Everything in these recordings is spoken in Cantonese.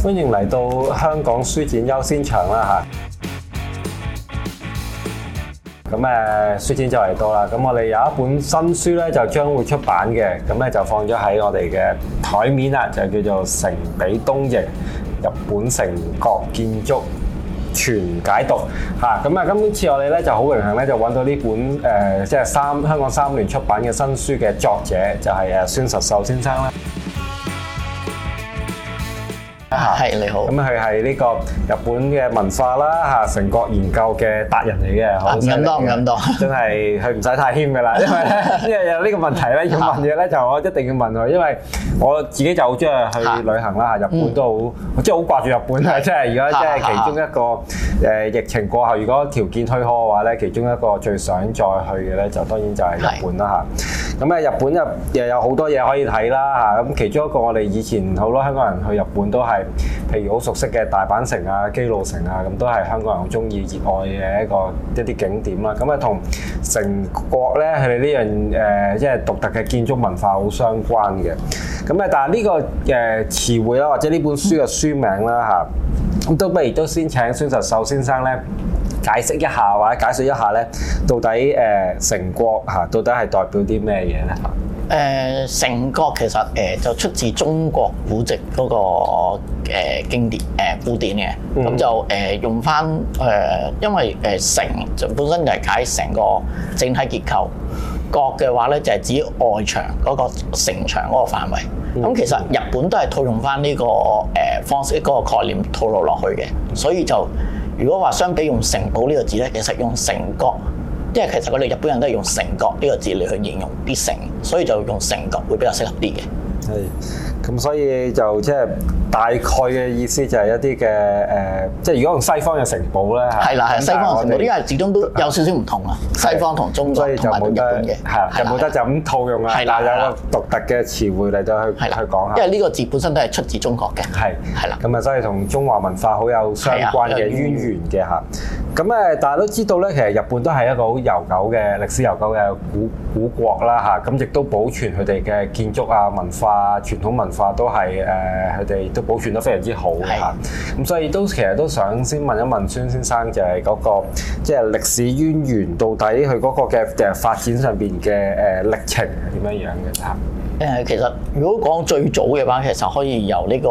歡迎嚟到香港書展優先場啦吓！咁、嗯、誒，書展就嚟到啦，咁我哋有一本新書咧就將會出版嘅，咁咧就放咗喺我哋嘅台面啦，就叫做《城彼東瀛：日本城郭建築全解讀》吓。咁啊，今次我哋咧就好榮幸咧，就揾到呢本誒，即係三香港三聯出版嘅新書嘅作者，就係、是、誒孫實秀先生啦。係你好，咁佢係呢個日本嘅文化啦吓，成國研究嘅達人嚟嘅，唔敢當，唔敢當，真係佢唔使太謙噶啦，因為因為有呢個問題咧，要問嘢咧就我一定要問佢，因為我自己就好中意去旅行啦吓，日本都好，即係好掛住日本啊，即係而家即係其中一個誒疫情過後，如果條件許可嘅話咧，其中一個最想再去嘅咧就當然就係日本啦吓，咁啊日本又又有好多嘢可以睇啦吓，咁其中一個我哋以前好多香港人去日本都係。譬如好熟悉嘅大阪城啊、姬路城啊，咁都係香港人好中意、熱愛嘅一個一啲景點啦。咁啊，同城郭咧，佢哋呢樣誒、呃，即係獨特嘅建築文化好相關嘅。咁啊，但係、這、呢個誒詞彙啦，或者呢本書嘅書名啦嚇，咁、啊、都不如都先請孫實秀先生咧解釋一下或者解釋一下咧，到底誒、呃、城郭嚇、啊、到底係代表啲咩嘢咧？誒、呃、城郭其實誒、呃、就出自中國古籍嗰、那個誒、呃、經典誒、呃、古典嘅，咁就誒、呃、用翻誒、呃，因為誒、呃、城就本身就係解成個整體結構，郭嘅話咧就係、是、指外牆嗰個城牆嗰個範圍。咁、嗯、其實日本都係套用翻呢、這個誒、呃、方式嗰個概念套落落去嘅，所以就如果話相比用城堡呢個字咧，其實用城郭。即係其實我哋日本人都係用「城郭」呢個字嚟去形容啲「城」，所以就用「城郭」會比較適合啲嘅。係，咁所以就即、就、係、是。大概嘅意思就係一啲嘅誒，即係如果用西方嘅城堡咧，係啦係，西方嘅城堡因為始終都有少少唔同啊，西方同中國唔係日本嘅，係啊，就冇得就咁套用啊，但係有個獨特嘅詞彙嚟到去去講下，因為呢個字本身都係出自中國嘅，係係啦，咁啊所以同中華文化好有相關嘅淵源嘅嚇，咁誒，大家都知道咧，其實日本都係一個好悠久嘅歷史悠久嘅古古國啦嚇，咁亦都保存佢哋嘅建築啊、文化、傳統文化都係誒佢哋。保都保存得非常之好嚇，咁是的 所以都其實都想先問一問孫先生就，那個，就係嗰個即係歷史淵源，到底佢嗰個嘅發展上邊嘅誒歷程係點樣樣嘅嚇？誒，其實如果講最早嘅話，其實可以由呢個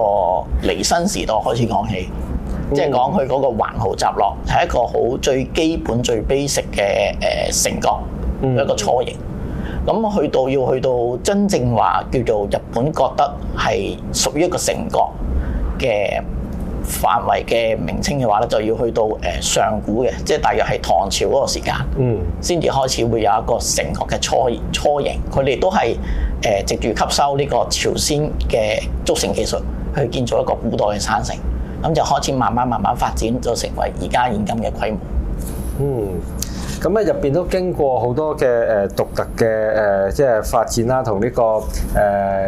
彌生時代開始講起，即係講佢嗰個環濠集落係一個好最基本、最 basic 嘅誒城郭，嗯、一個雛形。咁去到要去到真正話叫做日本覺得係屬於一個城郭嘅範圍嘅名稱嘅話咧，就要去到誒、呃、上古嘅，即係大約係唐朝嗰個時間，嗯，先至開始會有一個城郭嘅初初型。佢哋都係誒、呃、藉住吸收呢個朝鮮嘅築城技術，去建造一個古代嘅山城，咁就開始慢慢慢慢發展，就成為而家現今嘅規模。嗯。咁咧入邊都經過好多嘅誒獨特嘅誒，即係發展啦，同呢個誒，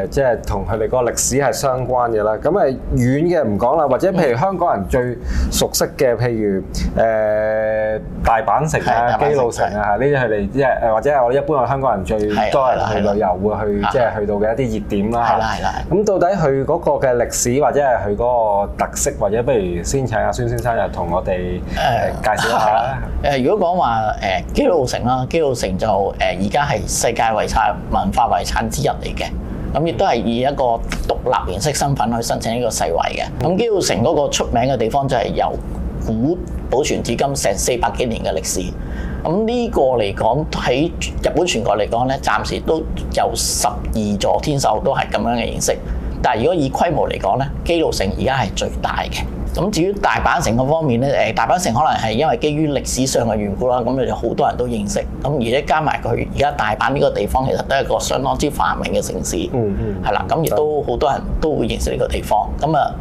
即係同佢哋嗰個歷史係相關嘅啦。咁啊遠嘅唔講啦，或者譬如香港人最熟悉嘅，譬如誒大阪城啊、姬路城啊，呢啲佢哋，即係誒，或者我一般我香港人最多人去旅遊會去，即係去到嘅一啲熱點啦。係啦，係啦。咁到底佢嗰個嘅歷史或者係佢嗰個特色，或者不如先請阿孫先生又同我哋誒介紹下啦。誒，如果講話。誒基路城啦，基路城就誒而家係世界遺產文化遺產之一嚟嘅，咁亦都係以一個獨立形式身份去申請呢個世遺嘅。咁、嗯、基路城嗰個出名嘅地方就係由古保存至今成四百幾年嘅歷史。咁呢個嚟講喺日本全國嚟講咧，暫時都有十二座天守都係咁樣嘅形式，但係如果以規模嚟講咧，基路城而家係最大嘅。咁至於大阪城個方面咧，誒、呃、大阪城可能係因為基於歷史上嘅緣故啦，咁你就好多人都認識。咁而且加埋佢而家大阪呢個地方其實都係一個相當之繁榮嘅城市，嗯嗯，係、嗯、啦，咁亦都好多人都會認識呢個地方。咁啊，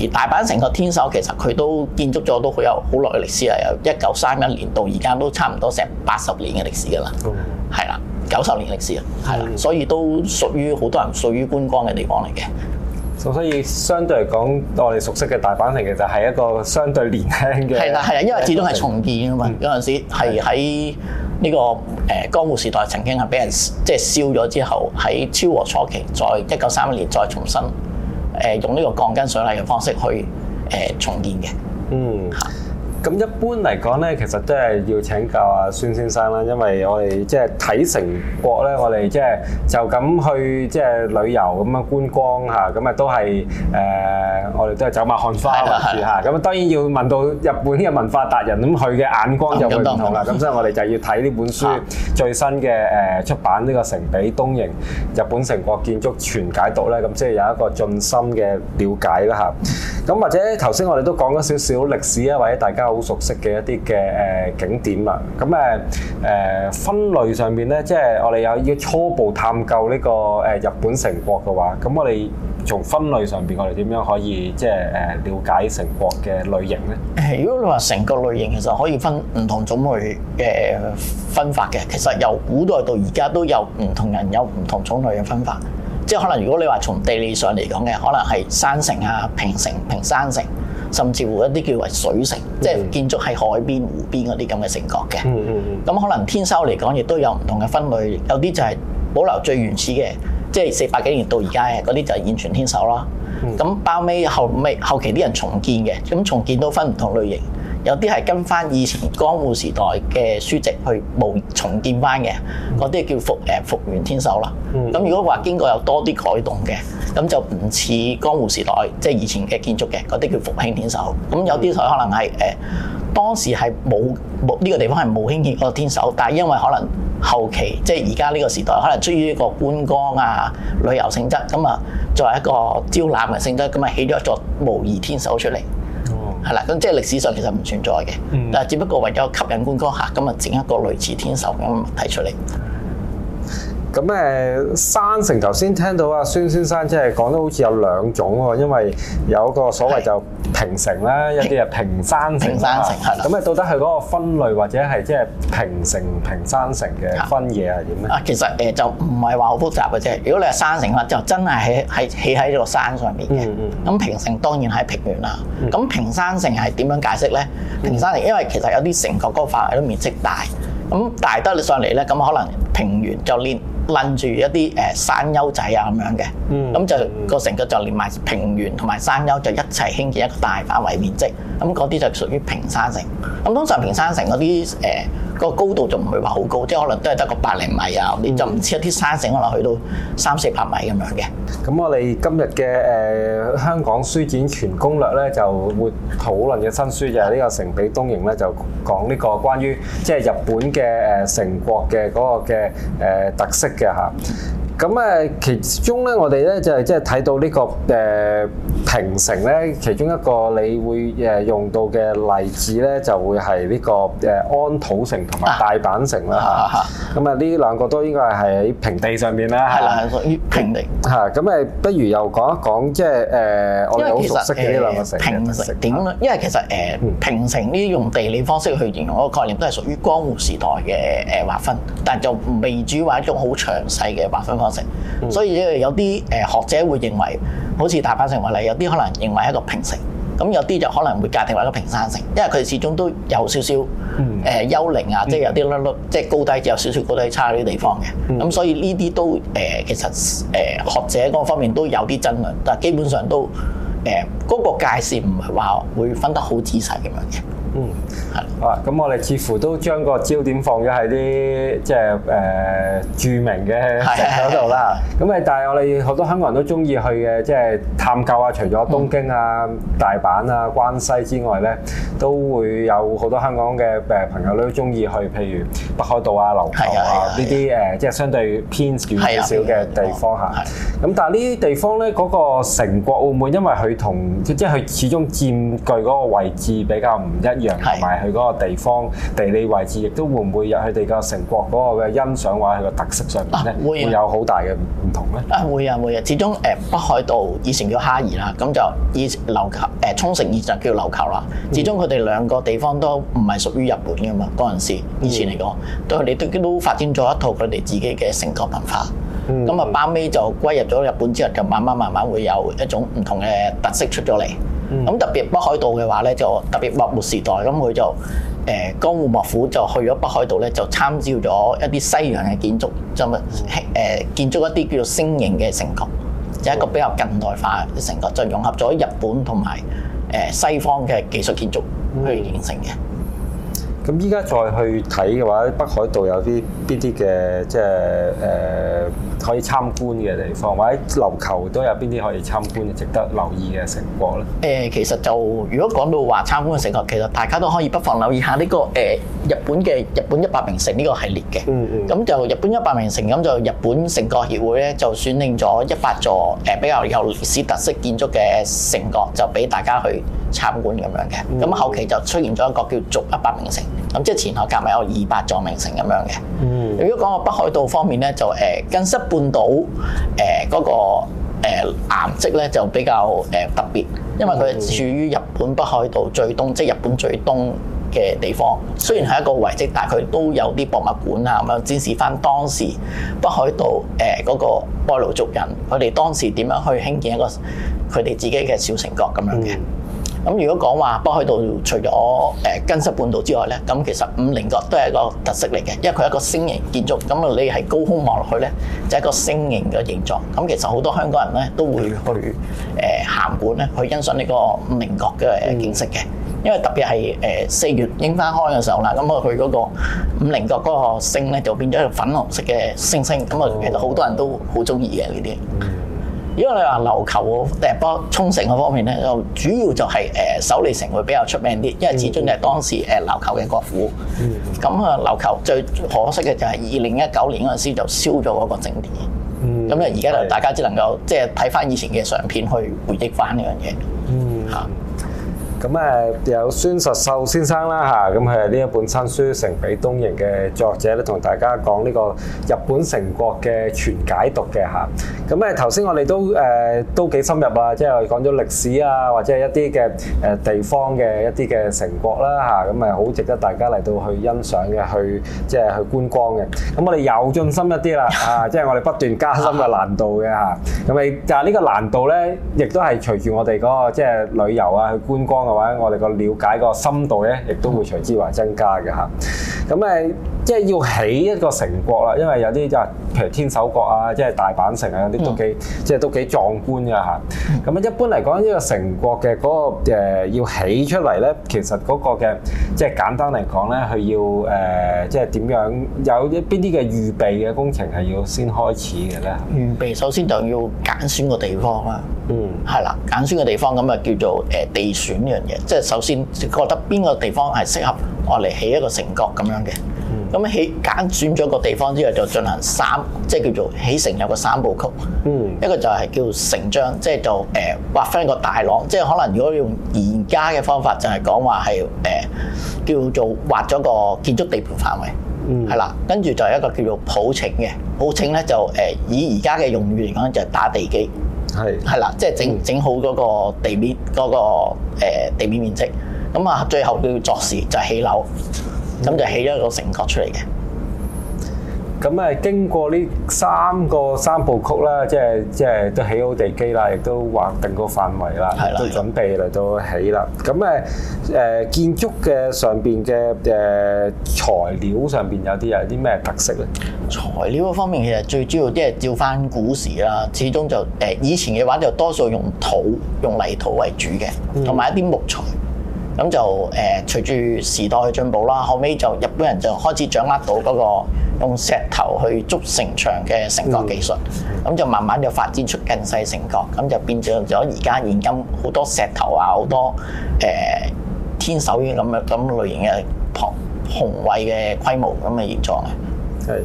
而大阪城個天守其實佢都建築咗都好有好耐嘅歷史啦，由一九三一年到而家都差唔多成八十年嘅歷史噶啦，嗯，係啦，九十年歷史啊，係啦，嗯、所以都屬於好多人屬於觀光嘅地方嚟嘅。所以相對嚟講，我哋熟悉嘅大阪城其實係一個相對年輕嘅。係啦，係啊，因為始終係重建啊嘛。嗯、有陣時係喺呢個誒江戶時代曾經係俾人即係、就是、燒咗之後，喺昭和初期，再一九三一年再重新誒、呃、用呢個鋼筋水泥嘅方式去誒、呃、重建嘅。嗯。咁一般嚟講咧，其實都係要請教阿孫先生啦，因為我哋即係睇城郭咧，我哋即係就咁去即係旅遊咁樣觀光吓，咁啊都係誒、呃、我哋都係走馬看花啦吓，咁 當然要問到日本嘅文化達人，咁佢嘅眼光就會唔同啦。咁 所以我哋就要睇呢本書最新嘅誒出版呢、這個城彼東瀛日本城郭建築全解讀咧，咁即係有一個盡心嘅了解啦吓，咁或者頭先我哋都講咗少少歷史啊，或者大家。好熟悉嘅一啲嘅誒景點啦，咁誒誒分類上面咧，即係我哋有要初步探究呢個誒日本城郭嘅話，咁我哋從分類上邊，我哋點樣可以即係誒了解城郭嘅類型咧？如果你話城郭類型，其實可以分唔同種類嘅分法嘅。其實由古代到而家都有唔同人有唔同種類嘅分法，即係可能如果你話從地理上嚟講嘅，可能係山城啊、平城、平山城。甚至乎一啲叫為水城，即係建築喺海邊、湖邊嗰啲咁嘅城郭嘅。咁、嗯嗯嗯、可能天守嚟講，亦都有唔同嘅分類，有啲就係保留最原始嘅，即係四百幾年到而家嘅嗰啲就係現存天守啦。咁、嗯、包尾後尾後，後期啲人重建嘅，咁、嗯、重建都分唔同類型。有啲係跟翻以前江戶時代嘅書籍去冇重建翻嘅，嗰啲叫復誒、呃、復元天守啦。咁如果話經過有多啲改動嘅，咁就唔似江戶時代即係、就是、以前嘅建築嘅，嗰啲叫復興天守。咁有啲就可能係誒、呃、當時係冇冇呢個地方係冇興建個天守，但係因為可能後期即係而家呢個時代可能出於一個觀光啊旅遊性質，咁啊作為一個招攬嘅性質，咁啊起咗一座模擬天守出嚟。係啦，咁即係歷史上其實唔存在嘅，但係、嗯、只不過為咗吸引觀光客，咁啊整一個類似天守咁嘅物體出嚟。咁誒，山城頭先聽到阿孫先生即係講得好似有兩種喎，因為有一個所謂就平城啦，是一啲係平山城。平山城係啦。咁誒、啊，到底佢嗰個分類或者係即係平城、平山城嘅分野係點咧？啊，其實誒就唔係話好複雜嘅啫。如果你係山城咧，就真係喺係起喺個山上面嘅。咁、嗯嗯、平城當然喺平原啦。咁、嗯、平山城係點樣解釋咧？嗯、平山城因為其實有啲城郭嗰個範圍都面積大，咁大得你上嚟咧，咁可能平原就連，擸住一啲誒、呃、山丘仔啊咁樣嘅，咁、嗯、就、那個城郭就連埋平原同埋山丘就一齊興建一個大範圍面積，咁嗰啲就屬於平山城。咁通常平山城嗰啲誒、呃個高度就唔會話好高，即係可能都係得個百零米啊！嗯、你就唔似一啲山城可能去到三四百米咁樣嘅、嗯。咁我哋今日嘅誒香港書展全攻略咧，就會討論嘅新書、嗯、就係呢、呢個《城彼東瀛》咧，就講呢個關於即係日本嘅誒、呃、城郭嘅嗰個嘅誒、呃、特色嘅嚇。.咁誒，其中咧，我哋咧就係即係睇到呢、這個誒、呃、平城咧，其中一個你會誒用到嘅例子咧，就會係呢個誒安土城同埋大阪城啦。咁啊、呢、啊啊、兩個都應該係喺平地上面咧。係啦，屬於平地。吓。咁誒，不如又講一講，即係誒我哋好熟悉嘅呢兩個城。平城點？因為其實誒平城呢，用、呃、地理方式去形容一個概念，都係屬於江戶時代嘅誒劃分，但就未至於話一種好詳細嘅劃分。所以有啲誒、呃、學者會認為，好似大阪城為例，有啲可能認為係一個平城，咁有啲就可能會界定為一個平山城，因為佢始終都有少少誒丘陵啊，即係有啲甩甩，即係高低有少少高低差嗰啲地方嘅，咁所以呢啲都誒、呃、其實誒、呃、學者嗰方面都有啲爭論，但係基本上都誒嗰、呃那個界線唔係話會分得好仔細咁樣嘅。嗯，好啦，咁我哋似乎都將個焦點放咗喺啲即係誒、呃、著名嘅嗰度啦。咁誒的，但係我哋好多香港人都中意去嘅，即係探究啊。除咗東京啊、大阪啊、關西之外咧，都會有好多香港嘅誒朋友都中意去，譬如北海道啊、琉球啊呢啲誒即係相對偏遠少少嘅地方吓。咁但係呢啲地方咧，嗰、嗯那個城郭澳門會會因為佢同即係佢始終佔據嗰個位置比較唔一。一同埋佢嗰個地方是的 地理位置，亦都會唔會有佢哋個城郭嗰個嘅欣賞話佢個特色上面咧，會有好大嘅唔同咧？會啊，會啊，會啊，始終誒北海道以前叫蝦夷啦，咁就以琉球誒、啊、沖繩以就叫琉球啦。始終佢哋兩個地方都唔係屬於日本嘅嘛，嗰陣時以前嚟講，嗯、都係你都都發展咗一套佢哋自己嘅城郭文化。咁啊，包尾、嗯、就歸入咗日本之後，就慢慢慢慢會有一種唔同嘅特色出咗嚟。咁、嗯、特別北海道嘅話咧，就特別幕末，末時代咁，佢就誒、呃、江戶幕府就去咗北海道咧，就參照咗一啲西洋嘅建築，就誒、呃、建築一啲叫做星形嘅城郭，嗯、就係一個比較近代化嘅城郭，就融合咗日本同埋誒西方嘅技術建築去形成嘅。嗯的咁依家再去睇嘅話，北海道有啲邊啲嘅即係誒、呃、可以參觀嘅地方，或者琉球都有邊啲可以參觀嘅值得留意嘅城郭咧？誒、呃、其實就如果講到話參觀嘅城郭，其實大家都可以不妨留意下呢、這個誒、呃、日本嘅日本一百名城呢個系列嘅、嗯。嗯嗯。咁就日本一百名城，咁就日本城郭協會咧就選定咗一百座誒、呃、比較有歷史特色建築嘅城郭就俾大家去參觀咁樣嘅。咁、嗯、後期就出現咗一個叫續一百名城。咁、嗯、即係前後夾埋有二百座名城咁樣嘅。嗯、如果講個北海道方面咧，就誒根室半島誒嗰、呃那個誒岩積咧就比較誒、呃、特別，因為佢處於日本北海道最東，嗯、即係日本最東嘅地方。雖然係一個遺跡，但係佢都有啲博物館啊咁樣展示翻當時北海道誒嗰、呃那個愛奴族人，佢哋當時點樣去興建一個佢哋自己嘅小城郭咁樣嘅。嗯嗯。咁如果講話北海道除咗誒根室半島之外咧，咁其實五稜郭都係一個特色嚟嘅，因為佢係一個星形建築，咁啊你係高空望落去咧，就係、一個星形嘅形狀。咁其實好多香港人咧都會去誒函館咧去欣賞呢個五稜郭嘅景色嘅，嗯、因為特別係誒四月櫻花開嘅時候啦，咁啊佢嗰個五稜郭嗰個星咧就變咗一個粉紅色嘅星星，咁啊其實好多人都好中意嘅呢啲。如果你話琉球嘅波沖繩嘅方面咧，就主要就係、是、誒、呃、首里城會比較出名啲，因為始終就係當時誒、呃、琉球嘅國府。咁、嗯、啊，琉球最可惜嘅就係二零一九年嗰陣時就燒咗嗰個正殿。咁咧、嗯，而家就,就大家只能夠是的 即係睇翻以前嘅相片去回憶翻呢樣嘢。嗯。嚇、嗯。啊咁誒有孫實秀先生啦嚇，咁佢係呢一本新書，城彼東瀛嘅作者咧，同大家講呢個日本城郭嘅全解讀嘅嚇。咁誒頭先我哋都誒都幾深入啊，即係講咗歷史啊，或者係一啲嘅誒地方嘅一啲嘅城郭啦嚇，咁誒好值得大家嚟到去欣賞嘅，去即係去觀光嘅。咁我哋有進心一啲啦啊，即係我哋不斷加深個難度嘅嚇。咁誒但係呢個難度咧，亦都係隨住我哋嗰個即係旅遊啊，去觀光。嘅話，我哋個了解個深度咧，亦都會隨之話增加嘅吓，咁誒、嗯，即係要起一個城郭啦，因為有啲就係譬如天守閣啊，即係大阪城啊，啲都幾、嗯、即係都幾壯觀嘅吓，咁啊，一般嚟講呢個城郭嘅嗰、那個、呃、要起出嚟咧，其實嗰個嘅即係簡單嚟講咧，佢要誒、呃、即係點樣有一邊啲嘅預備嘅工程係要先開始嘅咧？預備首先就要揀選，選個地方啦，嗯，係啦，揀選個地方咁啊，叫做誒地選嘅。即係首先覺得邊個地方係適合我嚟起一個城郭咁樣嘅，咁、嗯、起揀選咗個地方之後就進行三，即係叫做起城有個三部曲。嗯、一個就係叫做成章，即係就誒畫返個大廊。即係可能如果用而家嘅方法就係講話係誒叫做畫咗個建築地盤範圍，係啦、嗯，跟住就係一個叫做普請嘅普請咧就誒、呃、以而家嘅用語嚟講就係打地基。係，係啦，即係整整好嗰個地面嗰、嗰個、呃、地面面積，咁啊最後要作事就係、起樓，咁就起咗個城郭出嚟嘅。咁誒，經過呢三個三部曲啦，即係即係都起好地基啦，亦都劃定個範圍啦，係啦，都準備嚟到起啦。咁誒誒，建築嘅上邊嘅誒材料上邊有啲有啲咩特色咧？材料方面其實最主要即係照翻古時啦，始終就誒、呃、以前嘅話就多數用土用泥土為主嘅，同埋、嗯、一啲木材。咁就誒、呃、隨住時代嘅進步啦，後尾就日本人就開始掌握到嗰個用石頭去築城牆嘅成角城郭技術，咁、嗯、就慢慢就發展出近世城郭，咁就變成咗而家現今好多石頭啊，好多誒、呃、天守園咁樣咁類型嘅龐宏偉嘅規模咁嘅形狀嘅。係。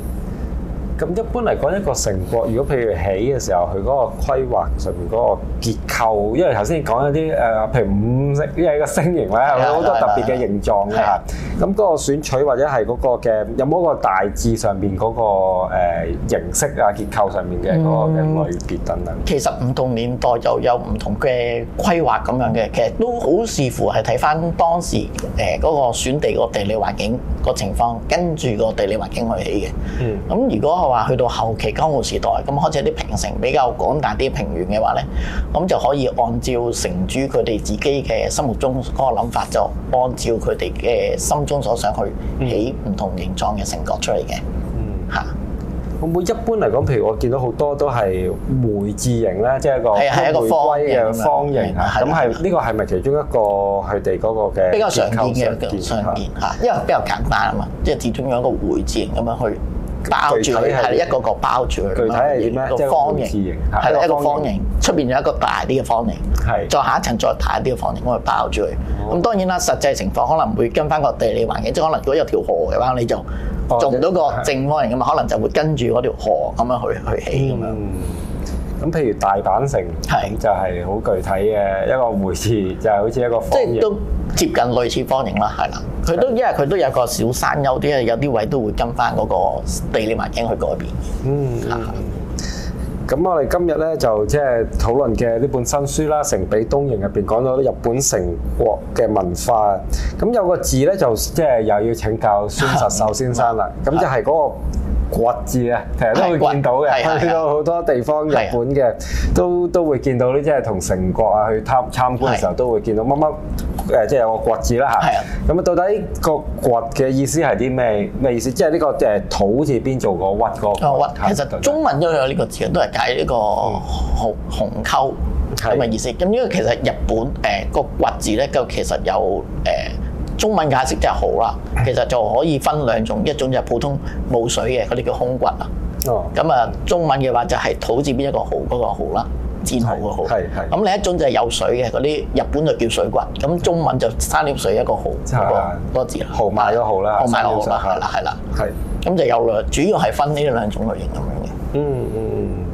咁一般嚟講，一個城郭，如果譬如起嘅時候，佢嗰個規劃上面嗰個結構，因為頭先講一啲誒，譬如五色，因為一個星形咧，有好多特別嘅形狀嘅嚇。咁嗰個選取或者係嗰個嘅，有冇一個大致上面嗰個誒形式啊、結構上面嘅嗰個嘅類別等等？其實唔同年代又有唔同嘅規劃咁樣嘅，其實都好視乎係睇返當時誒嗰個選地個地理環境個情況，跟住個地理環境去起嘅。咁如果話去到後期江戶時代，咁開始啲平城比較廣大啲平原嘅話咧，咁就可以按照城主佢哋自己嘅心目中嗰個諗法，就按照佢哋嘅心中所想去起唔同形狀嘅城郭出嚟嘅。嗯，嚇會唔會一般嚟講，譬如我見到好多都係回字形咧，即係一個係一個方嘅方形啊。咁係呢個係咪其中一個佢哋嗰個嘅比較常見嘅嘅常見嚇？因為比較簡單啊嘛，即係始終用一個回字形咁樣去。包住，係啦，一個一個包住佢。具體係咩？即係類似形，係啦，一個方形。出邊有一個大啲嘅方形，係是再下一層再大啲嘅方形，我啊包住佢。咁、哦、當然啦，實際情況可能會跟翻個地理環境，即係可能如果有條河嘅話，你就做唔到個正方形咁嘛、哦，可能就會跟住嗰條河咁樣去去起咁樣。咁譬如大阪城，係是就係好具體嘅一個回事，就係、是、好似一個方形即係是都接近類似方形啦，係啦。佢都是的 因為佢都有個小山丘，啲有啲位都會跟翻嗰個地理環境去改變嗯，咁、嗯啊、我哋今日呢，就即係討論嘅呢本新書啦，《城彼東瀛》入邊講咗日本城郭嘅文化，咁有個字呢，就即係又要請教孫實秀先生啦。咁的就係嗰、那個。堀字咧，成日都會見到嘅，去到好多地方，啊、日本嘅、啊、都都會見到咧，即係同城郭啊去參參觀嘅時候、啊、都會見到乜乜誒，即係有個堀字啦吓，係啊，咁啊、嗯、到底個堀嘅意思係啲咩咩意思？即係呢、這個誒土字似邊做個屈個？哦，屈。其實中文都有呢個字都係解呢個壕壕溝咁嘅、啊、意思。咁因為其實日本誒個堀字咧，佢、呃呃呃呃呃、其實有誒。呃呃呃呃中文解釋就係蠔啦，其實就可以分兩種，一種就係普通冇水嘅，嗰啲叫空堀啦。哦，咁啊中文嘅話就係土字邊一個蠔嗰個蠔啦，煎蠔個蠔。係係。咁另一種就係有水嘅，嗰啲日本就叫水堀，咁中文就三點水一個蠔，個個字啦。蠔賣咗蠔啦，買蠔啦，係啦係啦。係。咁就有兩，主要係分呢兩種類型咁樣嘅。嗯嗯。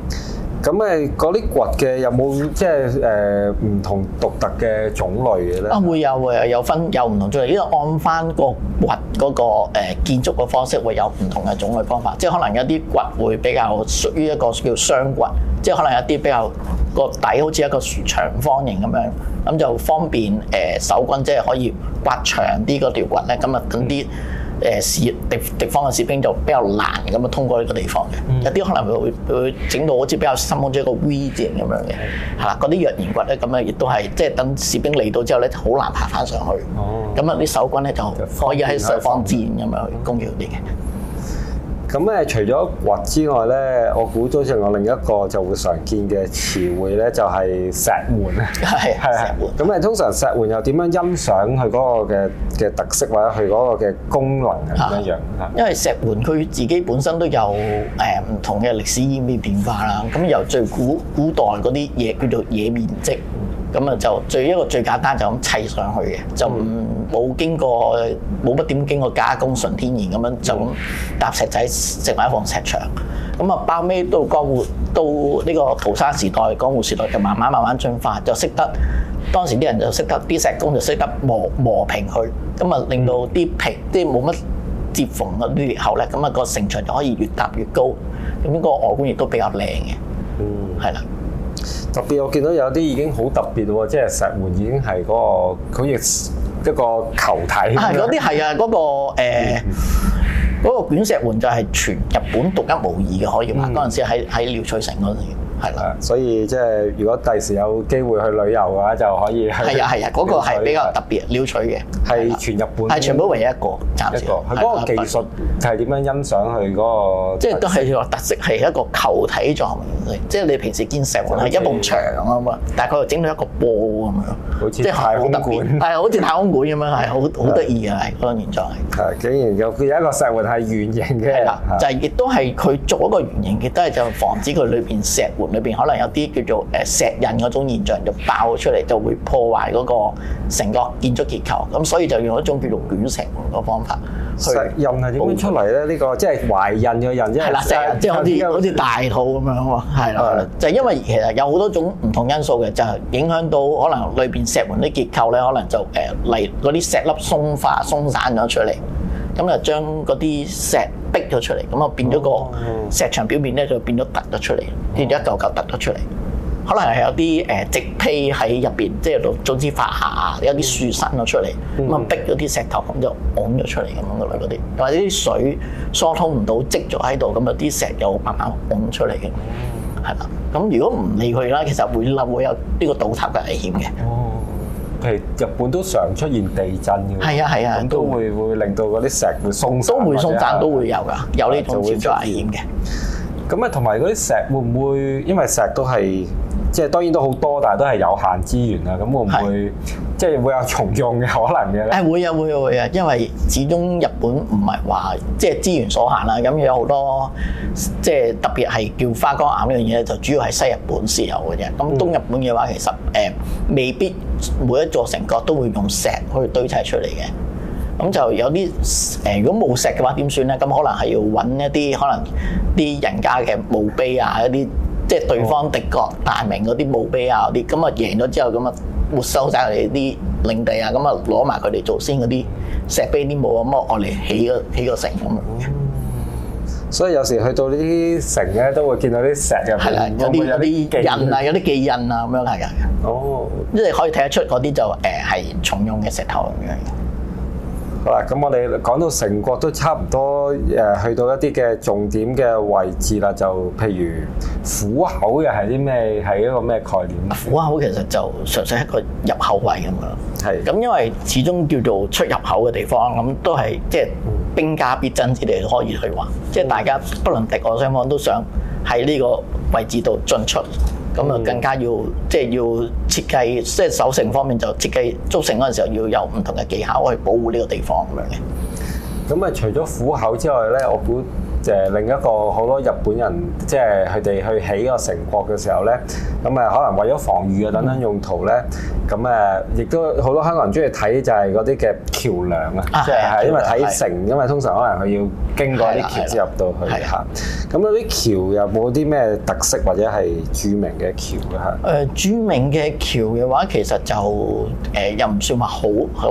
咁誒嗰啲堀嘅有冇即係誒唔同獨特嘅種類嘅咧？啊，會有誒，有分有唔同種類，因為按翻個堀嗰、那個、呃、建築嘅方式，會有唔同嘅種類方法。即係可能有啲堀會比較屬於一個叫雙堀，即係可能有啲比較個底好似一個長方形咁樣，咁就方便誒、呃、手骨即係可以刮長啲個條堀咧。咁啊，咁啲。誒，事業、呃、敵，敵方嘅士兵就比較難咁啊通過呢個地方嘅，嗯、有啲可能佢會整到、嗯、好似比較深空咗一個 V 字形咁樣嘅，係啦的，嗰啲藥研堀咧，咁啊亦都係即係等士兵嚟到之後咧，好難爬翻上去，哦，咁啊啲守軍咧就便可以喺上方自然咁樣去攻佢哋嘅。咁咧除咗堀之外咧，我估都仲有另一個就會常見嘅詞彙咧，就係石垣啦。係係。咁咧通常石垣又點樣欣賞佢嗰個嘅嘅特色或者佢嗰個嘅功能啊？咁樣樣嚇。因為石垣佢自己本身都有誒唔同嘅歷史演變變化啦。咁由最古古代嗰啲嘢叫做野面積。咁啊就最一個最簡單就咁砌上去嘅，就唔冇經過冇乜點經過加工，純天然咁樣就咁搭石仔成為一房石牆。咁啊包尾到江戶到呢個桃山時代江戶時代就慢慢慢慢進化，就識得當時啲人就識得啲石工就識得磨磨平佢，咁啊令到啲皮即係冇乜接縫嘅裂口咧，咁、那、啊個城牆就可以越搭越高，咁呢個外觀亦都比較靚嘅，嗯，係啦。特別我見到有啲已經好特別喎，即係石門已經係嗰、那個佢亦一個球體。係嗰啲係啊，嗰、啊 那個誒嗰、呃那個卷石門就係全日本獨一無二嘅，可以話嗰陣時喺喺料翠城嗰度。係啦，所以即係如果第時有機會去旅遊嘅話，就可以係啊係啊，嗰、那個係比較特別，鳥取嘅係全日本係全部唯一一個，暫時一個。係嗰個技術係點樣欣賞佢嗰個？即係都係話特色係、嗯就是、一,一個球體狀，即係你平時見石垣係一埲牆啊嘛，但係佢又整咗一個波咁樣，好似即係太空館，係好似太空館咁樣，係 好好得意嘅係嗰個形狀。係竟然有佢有一個石垣係圓形嘅，係啦、嗯，就係、是、亦都係佢做一個圓形，亦都係就防止佢裏邊石垣。裏邊可能有啲叫做誒石孕嗰種現象就爆出嚟，就會破壞嗰個成個建築結構。咁所以就用一種叫做捲石垣嘅方法。石孕係點樣出嚟咧？呢、這個即係懷孕嘅孕，即係的用好似好似大肚咁樣啊嘛，係啦的。就是、因為其實有好多種唔同因素嘅，就係、是、影響到可能裏邊石垣啲結構咧，可能就誒嚟嗰啲石粒鬆化鬆散咗出嚟，咁就將嗰啲石。逼咗出嚟，咁啊變咗個石牆表面咧就變咗凸咗出嚟，變咗一嚿嚿凸咗出嚟。可能係有啲誒植被喺入邊，即係度，總之發下有啲樹生咗出嚟，咁啊逼咗啲石頭咁就拱咗出嚟咁嗰類嗰啲，或者啲水疏通唔到積咗喺度，咁啊啲石又慢慢拱出嚟嘅，係啦。咁如果唔理佢啦，其實會冧會有呢個倒塌嘅危險嘅。譬如日本都常出現地震嘅，係啊係啊，啊會都會會令到嗰啲石會鬆散都會鬆散都會者有噶，有呢種潛在危險嘅。咁啊，同埋嗰啲石會唔會，因為石都係即係當然都好多，但係都係有限資源啊。咁會唔會是即係會有重用嘅可能嘅咧？誒會啊會啊會啊，因為始終日本唔係話即係資源所限啦。咁、嗯、有好多即係特別係叫花崗岩呢樣嘢就主要係西日本先有嘅啫。咁東日本嘅話，其實誒、嗯、未必。每一座城郭都會用石去堆砌出嚟嘅，咁就有啲誒、呃，如果冇石嘅話點算咧？咁可能係要揾一啲可能啲人家嘅墓碑啊，一啲即係對方敵國大名嗰啲墓碑啊啲，咁啊贏咗之後咁啊，沒收晒佢哋啲領地啊，咁啊攞埋佢哋祖先嗰啲石碑啲墓啊，咁剝落嚟起個起個城咁樣嘅。所以有時去到呢啲城咧，都會見到啲石入邊有啲人啊，有啲記印啊，咁樣係啊。哦，即係可以睇得出嗰啲就誒係重用嘅石頭咁樣。好啦，咁我哋講到成國都差唔多，誒、呃、去到一啲嘅重點嘅位置啦，就譬如虎口又係啲咩？係一個咩概念？虎口其實就純粹係一個入口位咁樣。係是。咁因為始終叫做出入口嘅地方，咁都係即係兵家必爭之地，可以去玩。即係、嗯、大家不論敵我雙方都想喺呢個位置度進出。咁啊，嗯、更加要即係要設計，即係守城方面就設計築城嗰陣時候要有唔同嘅技巧去保護呢個地方咁樣嘅。咁啊，除咗虎口之外咧，我估誒、呃、另一個好多日本人即係佢哋去起個城郭嘅時候咧。咁誒可能為咗防禦啊等等用途咧，咁誒亦都好多香港人中意睇就係嗰啲嘅橋梁啊，即係係因為睇城，因為通常可能佢要經過啲橋先入到去嚇。咁嗰啲橋有冇啲咩特色或者係著名嘅橋咧嚇？誒、呃、著名嘅橋嘅話，其實就誒、呃、又唔算話好好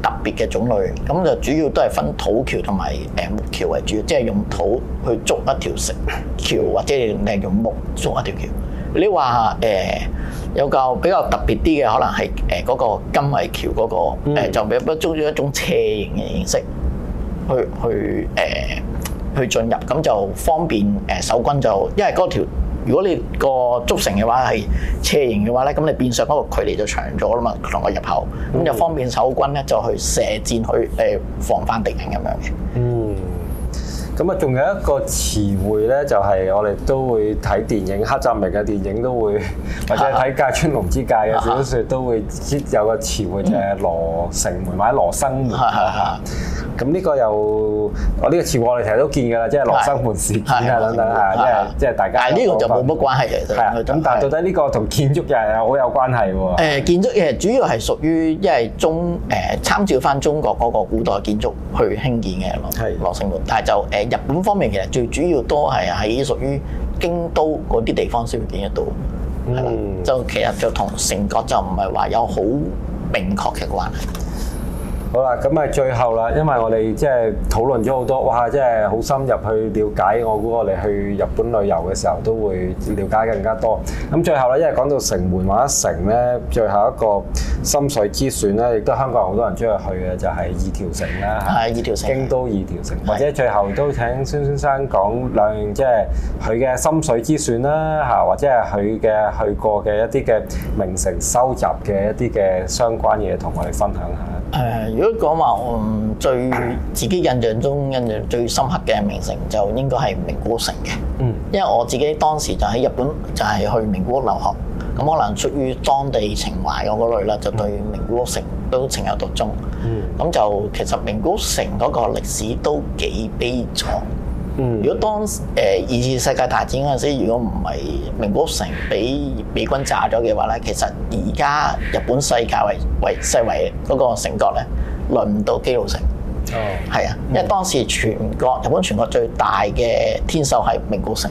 特別嘅種類，咁就主要都係分土橋同埋誒木橋為主，即、就、係、是、用土去築一條石橋，或者用用木築一條橋。你話誒、呃、有個比較特別啲嘅，可能係誒嗰個金穗橋嗰個、嗯呃、就變不中於一種斜形嘅形式去去誒、呃、去進入，咁就方便誒守、呃、軍就，因為嗰條如果你個築城嘅話係斜形嘅話咧，咁你變相嗰個距離就長咗啦嘛，同個入口，咁、嗯、就方便守軍咧就去射箭去誒、呃、防範敵人咁樣嘅。嗯咁啊，仲有一個詞彙咧，就係、係、我哋都會睇電影《黑澤明》嘅電影都會，或者睇《芥川龍之介》嘅小説都會，有個詞彙就係、係、羅城門或者羅生門。咁呢個又，我、呢、呢個詞彙我哋成日都見㗎啦，即、就、係、係、羅生門事件等等啊，即係即係大家。但呢個就冇乜關係嘅，係，咁但係到底呢個同建築又係好有關係喎？誒，建築嘅主要係屬於因為中誒，參照返中國嗰個古代建築去興建嘅咯。係羅生門，但係就誒。日本方面其實最主要都係喺屬於京都嗰啲地方先會見得到，係啦，嗯，就其實就同城郭就唔係話有好明確嘅關係。好啦，咁啊最後啦，因為我哋即係討論咗好多，哇，即係好深入去了解。我估我哋去日本旅遊嘅時候都會了解更加多。咁最後咧，因為講到城門或者城咧，最後一個心水之選咧，亦都香港好多人中意去嘅就係二條城啦，係二條城，京都二條城。係或者最後都請孫先生講兩即係佢嘅心水之選啦，嚇或者係佢嘅去過嘅一啲嘅名城收集嘅一啲嘅相關嘢同我哋分享下。誒。如果講話，嗯，我最自己印象中印象最深刻嘅名城，就應該係名古城嘅。嗯，因為我自己當時就喺日本，就係去名古屋留學，咁可能屬於當地情懷嘅嗰類啦，就對名古屋城都情有獨鍾。嗯，咁就其實名古屋城嗰個歷史都幾悲壯。嗯，如果當誒二次世界大戰嗰陣時，如果唔係名古屋城被美軍炸咗嘅話咧，其實而家日本世界為為世為嗰個城郭咧。輪唔到姬路城，係啊，因為當時全國日本全國最大嘅天守係名古城，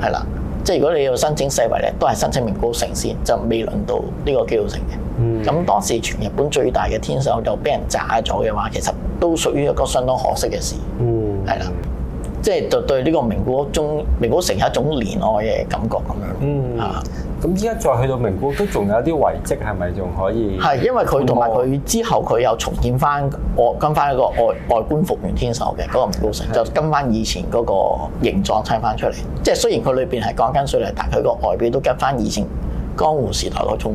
係啦、嗯，即係如果你要申請世遺咧，都係申請名古城先，就未輪到呢個姬路城嘅。咁、嗯、當時全日本最大嘅天守就俾人炸咗嘅話，其實都屬於一個相當可惜嘅事，係啦、嗯。即係對對呢個名古屋，中名古城有一種憐愛嘅感覺咁樣，嗯啊，咁依家再去到名古屋，都仲有啲遺跡係咪仲可以？係因為佢同埋佢之後佢又重建翻，我跟翻一個外外觀復原天守嘅嗰個名古屋城，的就跟翻以前嗰個形狀砌翻出嚟。即係雖然佢裏邊係鋼筋水泥，但係佢個外表都跟翻以前江戶時代嗰種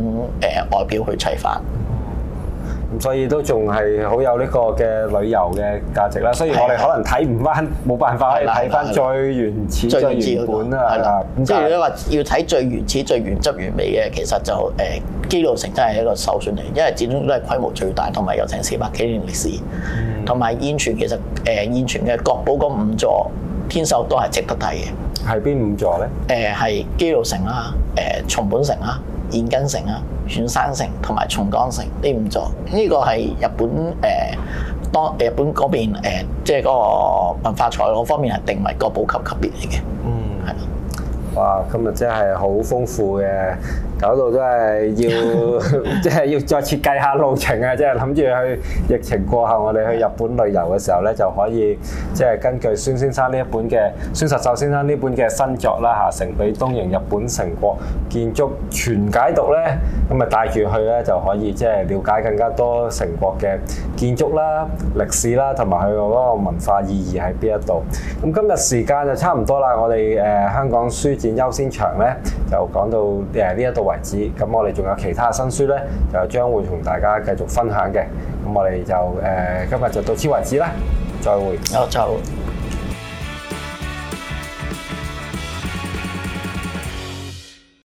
外表去砌翻。所以都仲係好有呢個嘅旅遊嘅價值啦。所以我哋可能睇唔翻，冇的辦法去睇翻最原始、最原，始最原本啦。係啦的，即係你話要睇最原始、最原汁原味嘅，其實就誒姬路城真係一個首選嚟，因為始終都係規模最大，同埋有成四百幾年歷史。同埋、嗯、現存其實誒現存嘅國寶嗰五座天守都係值得睇嘅。係邊五座咧？誒係、呃、姬路城啦，誒、呃、松本城啦。彥根城啊、犬山城同埋松江城呢五座，呢、這個係日本誒、呃、當日本嗰邊，即係嗰個文化財路方面係定為個寶級級別嚟嘅。嗯，係啦的。哇，今日真係好豐富嘅。搞到都係要，即 係要再設計下路程啊！即係諗住去疫情過後我哋去日本旅遊嘅時候咧，就可以即係、就是、根據孫先生呢一本嘅孫實秀先生呢本嘅新作啦吓，城彼東瀛，日本城郭建築全解讀咧，咁啊帶住去咧就可以即係了解更加多城郭嘅建築啦、歷史啦，同埋佢個文化意義喺邊一度。咁今日時間就差唔多啦，我哋誒香港書展優先場咧就講到誒呢一度為止，咁我哋仲有其他新書呢，嗯、就將會同大家繼續分享嘅。咁我哋就誒、呃，今日就到此為止啦，再會。好，再見。